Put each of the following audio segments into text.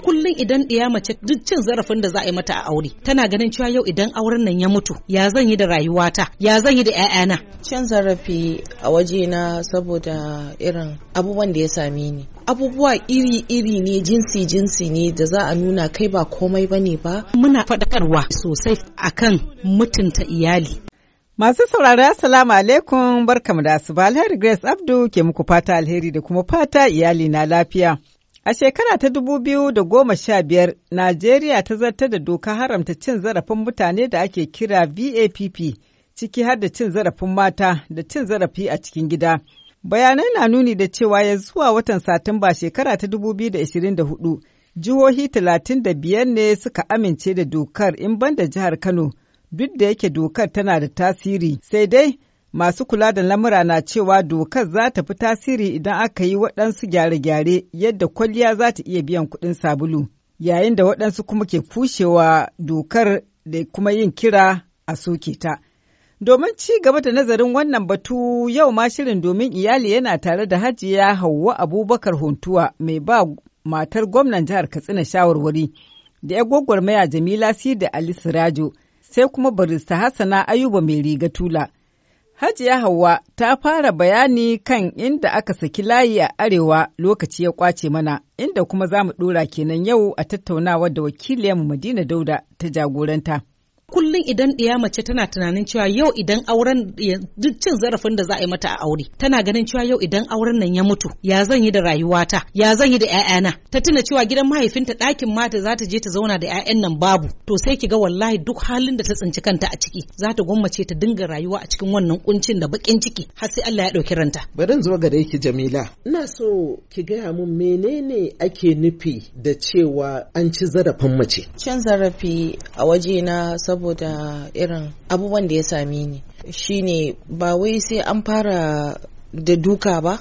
kullum idan ɗiya mace duk cin zarafin da za a yi mata a aure tana ganin cewa yau idan auren nan ya mutu ya zan yi da rayuwata ya zan yi da 'ya'yana cin zarafi a waje na saboda irin abubuwan da ya same ni abubuwa iri-iri ne jinsi-jinsi ne da za a nuna kai ba komai ba ne ba muna faɗakarwa sosai akan mutunta iyali Masu saurari Assalamu alaikum barkamu da asuba alheri Grace Abdu ke muku fata alheri da kuma fata iyali na lafiya. A shekara ta da goma sha biyar, Najeriya ta zartar da doka haramta cin zarafin mutane da ake kira VAPP, ciki har da cin zarafin mata da cin zarafi a cikin gida. Bayanai na nuni da cewa ya zuwa watan Satumba shekara ta 2024, jihohi talatin da 35 ne suka amince da dokar in banda jihar Kano, duk da yake dokar tana da tasiri, sai dai Masu kula da lamura na cewa dokar za ta fi tasiri idan aka yi waɗansu gyare-gyare yadda kwalliya za ta iya biyan kuɗin sabulu, yayin da waɗansu kuma ke fushewa dokar da kuma yin kira a soke ta. Domin ci gaba da nazarin wannan batu yau ma shirin domin iyali yana tare da hajiya Hauwa Abubakar Huntuwa mai ba matar gwamnan jihar Katsina shawarwari da ya gwagwarmaya Jamila Sida Ali Sirajo sai kuma barista Hassana Ayuba mai riga tula. Hajiya Hauwa ta fara bayani kan inda aka saki layi a Arewa lokaci ya kwace mana, inda kuma za mu ɗora kenan yau a tattaunawa da wakiliyar Madina Dauda ta jagoranta. kullum idan ɗiya mace tana tunanin cewa yau idan auren duk cin zarafin da za a yi mata a aure tana ganin cewa yau idan auren nan ya mutu ya zan yi da rayuwata ya zan yi da ƴaƴana ta tuna cewa gidan mahaifinta ɗakin mata za ta je ta zauna da ƴaƴan nan babu to sai ki ga wallahi duk halin da ta tsinci kanta a ciki za ta gwammace ta dinga rayuwa a cikin wannan kuncin da bakin ciki har sai Allah ya ɗauki ranta bari zo gare ki Jamila ina so ki gaya mun menene ake nufi da cewa an ci zarafin mace cin zarafi a waje na saboda irin abubuwan da ya same ni shine ba wai sai an fara da duka ba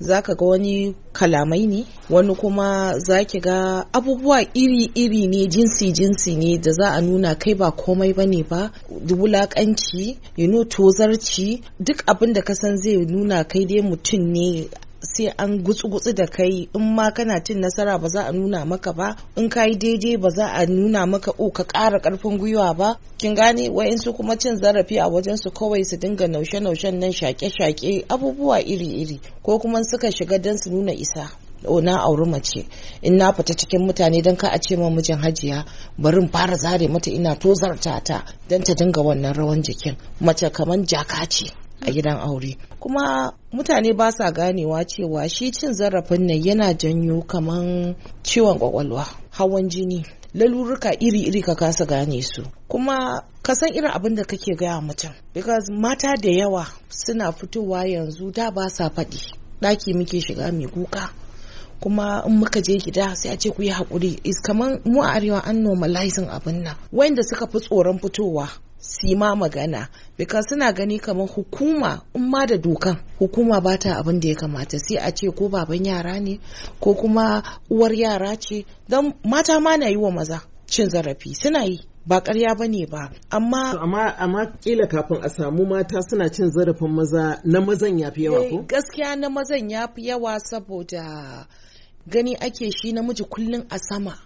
zaka ga wani kalamai ne wani kuma zaki ga abubuwa iri-iri ne jinsi-jinsi ne da za a nuna kai ba komai ba ne ba wulakanci you know tozarci duk abinda da ka zai nuna kai dai mutum ne sai an gutsu-gutsu da kai in ma kana cin nasara ba za a nuna maka ba in ka yi daidai ba za a nuna maka o oh, ka ƙara ƙarfin gwiwa ba kin gane wa'insu kuma cin zarafi a wajen su kawai su dinga naushe-naushen nan shake shaƙe abubuwa iri-iri ko kuma suka shiga don su nuna isa oh, na auri mace in na fita cikin mutane don ka a ce ma mijin hajiya barin fara zare mata ina tozarta ta don ta dinga wannan rawan jikin mace kamar jaka ce a gidan aure kuma mutane ba sa ganewa cewa shi cin zarafin nan yana janyo kaman ciwon kwakwalwa hawan jini lalurruka iri-iri ka kasa gane su kuma ka san irin abin da kake gaya mutum because mata da yawa suna fitowa yanzu da ba sa faɗi ɗaki muke shiga mai kuka kuma in muka je gida sai a ce ku yi haƙuri is kaman mu a arewa an normalizing abin nan wanda suka fi tsoron fitowa su ma magana because suna gani kamar hukuma umma da dokan hukuma ba ta abin da ya kamata sai a ce ko baban yara ne ko kuma uwar yara ce don mata ma na yi wa maza cin zarafi suna yi ba karya ba ne ba amma amma kila kafin a samu mata suna cin zarafin maza na mazan ya fi yawa ko eh, gaskiya na mazan yafi yawa saboda gani ake shi namiji kullum a sama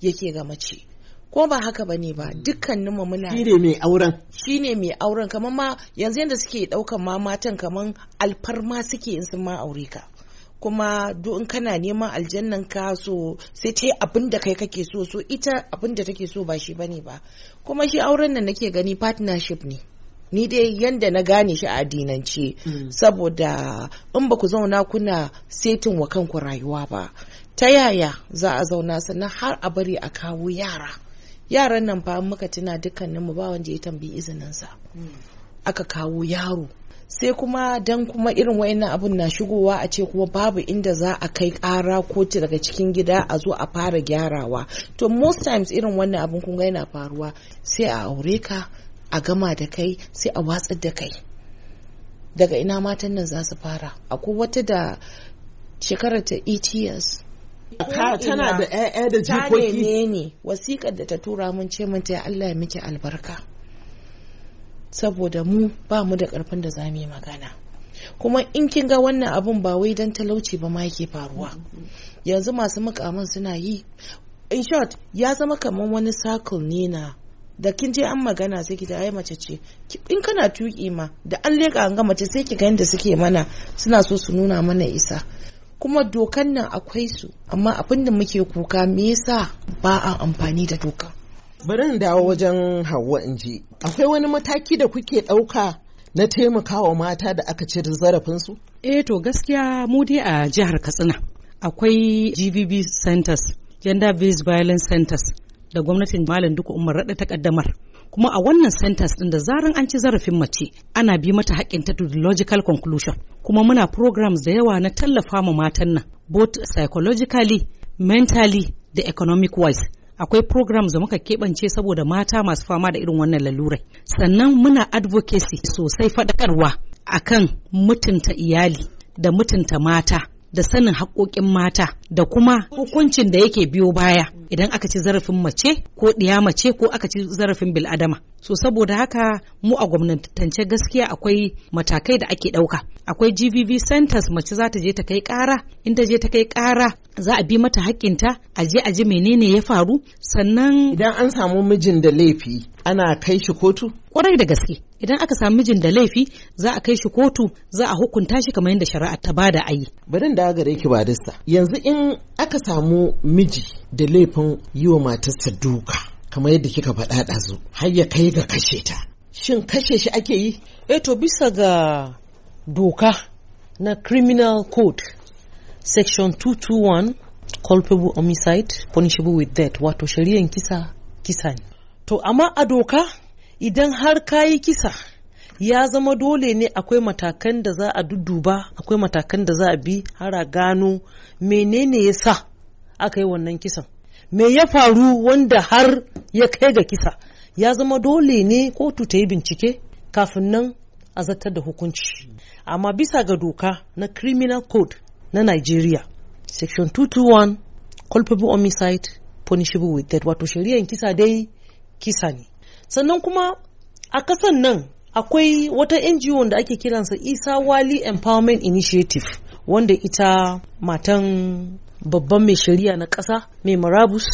yake ga mace ko ba haka bane ba dukkanin mu muna shine mai auren shine mai auren kamar ma yanzu yanda suke daukan ma matan kamar alfarma suke in sun ma aure ka kuma duk in kana neman aljannan ka so sai ta abin da kai kake so so ita abin da take so ba shi bane ba kuma shi auren nan nake gani partnership ne ni dai yanda na gane shi a addinance mm. saboda in ba ku zauna kuna setin wa kanku rayuwa ba ta yaya za a zauna sannan har a bari a kawo yara yaran nan fa muka tuna dukkanin mu ba wanda ya tambayi izinin sa aka kawo yaro sai kuma dan kuma irin wayannan abun na shigowa a ce kuma babu inda za a kai kara ko daga cikin gida a zo a fara gyarawa to most times irin wannan abun kun ga yana faruwa sai a aure ka a gama da kai sai a watsar da kai daga ina matan nan za su fara akwai wata da shekarar ta 8 years tana da ƴaƴa da jikoki ta ne wasikar da ta tura mun ce mun ta Allah ya miki albarka saboda mu ba mu da karfin da za yi magana kuma in kin ga wannan abun ba wai dan talauci ba ma yake faruwa yanzu masu mukamin suna yi in short ya zama kamar wani circle ne na da kin je an magana sai ki ai mace ce in kana tuki ma da an leka an ga mace sai ki ga yadda suke mana suna so su nuna mana isa kuma dokan nan akwai su amma abin da muke kuka me yasa ba a amfani da doka bari in dawo wajen hawa in ji akwai wani mataki da kuke ɗauka na taimakawa mata da aka zarafin zarafinsu? eh to gaskiya mu dai a jihar katsina akwai gbb centers gender based violence centers da gwamnatin malam duka umar raɗa ta ƙaddamar kuma a wannan sentence din da zaran an ci zarafin mace ana bi mata haƙƙin ta to logical conclusion kuma muna programs da yawa na tallafa ma matan nan both psychologically mentally da economic wise akwai programs da muka keɓance saboda mata masu fama da irin wannan lalurai sannan muna advocacy sosai faɗakarwa akan mutunta iyali da mutunta mata da sanin haƙoƙin mata da kuma hukuncin da yake biyo baya idan aka ci zarafin mace ko ɗiya mace ko aka ci zarafin bil'adama so saboda haka mu a gwamnatance gaskiya akwai matakai da ake ɗauka akwai gvv centers mace za ta je ta kai ƙara in ta je ta kai ƙara za a bi mata haƙƙinta a je a ji menene ya faru sannan idan an samu mijin da laifi ana kai shi kotu kwarai da gaske idan aka samu mijin da laifi za a kai shi kotu za a hukunta shi kamar yadda shari'a ta da ayi bari da gare ki barista yanzu in aka samu miji da laifin yi wa matarsa duka kamar yadda kika faɗa ɗazu har ya kai ga kashe ta shin kashe shi ake yi eh to bisa ga doka na criminal code section 221 culpable homicide punishable with death wato shari'an kisa kisa ne to amma a doka idan har kayi kisa ya zama dole ne akwai matakan da za a dudduba akwai matakan da za a bi har a gano menene ya sa aka yi wannan kisan me ya faru wanda har ya kai ga kisa ya zama dole ne kotu ta yi bincike kafin nan a zartar da hukunci amma bisa ga doka na criminal code na nigeria section 221 culpable homicide punishable with death wato shari'ar kisa dai kisa ne sannan kuma a kasan nan akwai wata ngo da ake kiransa isa wali empowerment initiative wanda ita matan babban mai shari'a na ƙasa mai marabus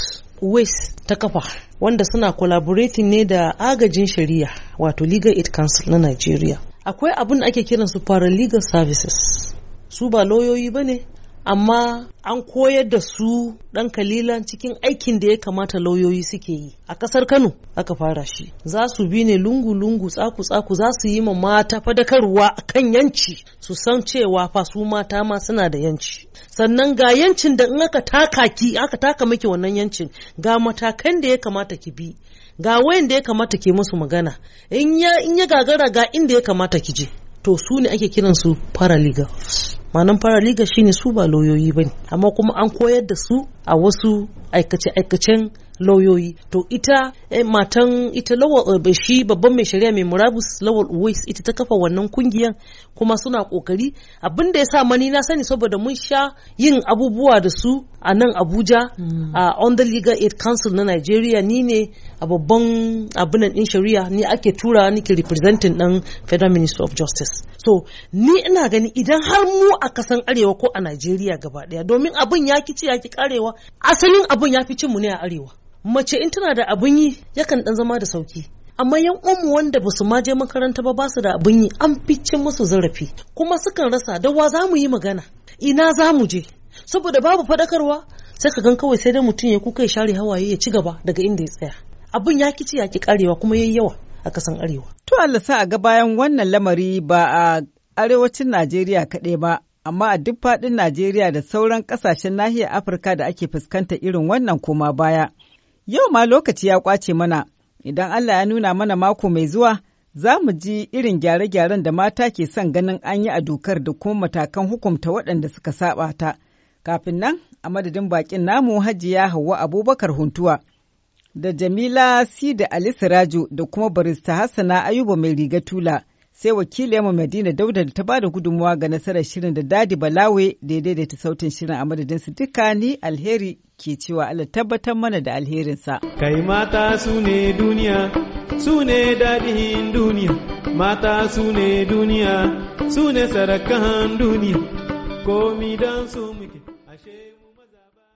west ta kafa wanda suna collaborating ne da agajin shari'a wato legal aid council na nigeria akwai abin da ake kiransu paralegal services su ba lauyoyi ba ne amma an koyar da su ɗan kalilan cikin aikin da ya kamata lauyoyi suke yi a ƙasar kano aka fara shi za su bi ne lungu-lungu tsaku-tsaku za su yi ma mata fadakarwa kan yanci su san cewa fa su mata ma suna da yanci sannan ga yancin da in aka taka ki aka taka miki wannan yancin ga matakan da ya kamata ki bi ga wayan da ya kamata ke musu magana in ya gagara ga inda ya kamata ki je to su ne ake kiransu paralegals manan liga shine su ba lauyoyi bane amma kuma an koyar da su a wasu aikace-aikacen lauyoyi to ita eh, matan ita lawal eh, shi babban mai shari'a mai murabus lawal uwais ita ta kafa wannan kungiyan kuma suna kokari abin da ya sa mani na sani saboda mun sha yin abubuwa da su a nan abuja hmm. a on the legal aid council na nigeria ni ne a babban abinan din shari'a ni ake tura ni ke representing dan federal minister of justice so ni ina gani idan har mu ko a kasan arewa ko a Najeriya gaba daya domin abin ya ki ci ya ki karewa asalin abin ya fi cin mu ne a arewa mace in tana da abin yi yakan dan zama da sauki amma yan uwanmu wanda basu ma je makaranta ba basu da abin yi an fi cin musu zarafi kuma sukan rasa da wa za mu yi magana ina za mu je saboda babu faɗakarwa sai ka gan kawai sai da mutum ya kuka ya share hawaye ya ci gaba daga inda ya tsaya abin ya ci ya ki karewa kuma yayi yawa a kasan arewa to Allah sa a ga bayan wannan lamari ba a arewacin Najeriya kaɗai ba amma a duk faɗin Najeriya da sauran ƙasashen nahiyar Afirka da ake fuskanta irin wannan koma baya. Yau ma lokaci ya ƙwace mana, idan Allah ya nuna mana mako mai zuwa, za mu ji irin gyare-gyaren da mata ke son ganin an yi a dokar da kuma matakan hukumta waɗanda suka saba ta. Kafin nan, a madadin baƙin namu hajiya Hauwa Abubakar Huntuwa. Da Jamila Sida Ali Sirajo da kuma barista Hassana Ayuba mai riga tula. sai wakilinmu Madina Dauda da ta ba da gudunmawa ga nasarar shirin da Dadi Balawe da ta sautin shirin a madadin su duka ni alheri ke cewa Allah tabbatar mana da alherinsa. Kai mata su ne duniya, su ne dadihin duniya, mata su ne duniya, su ne sarakan duniya, komi dan su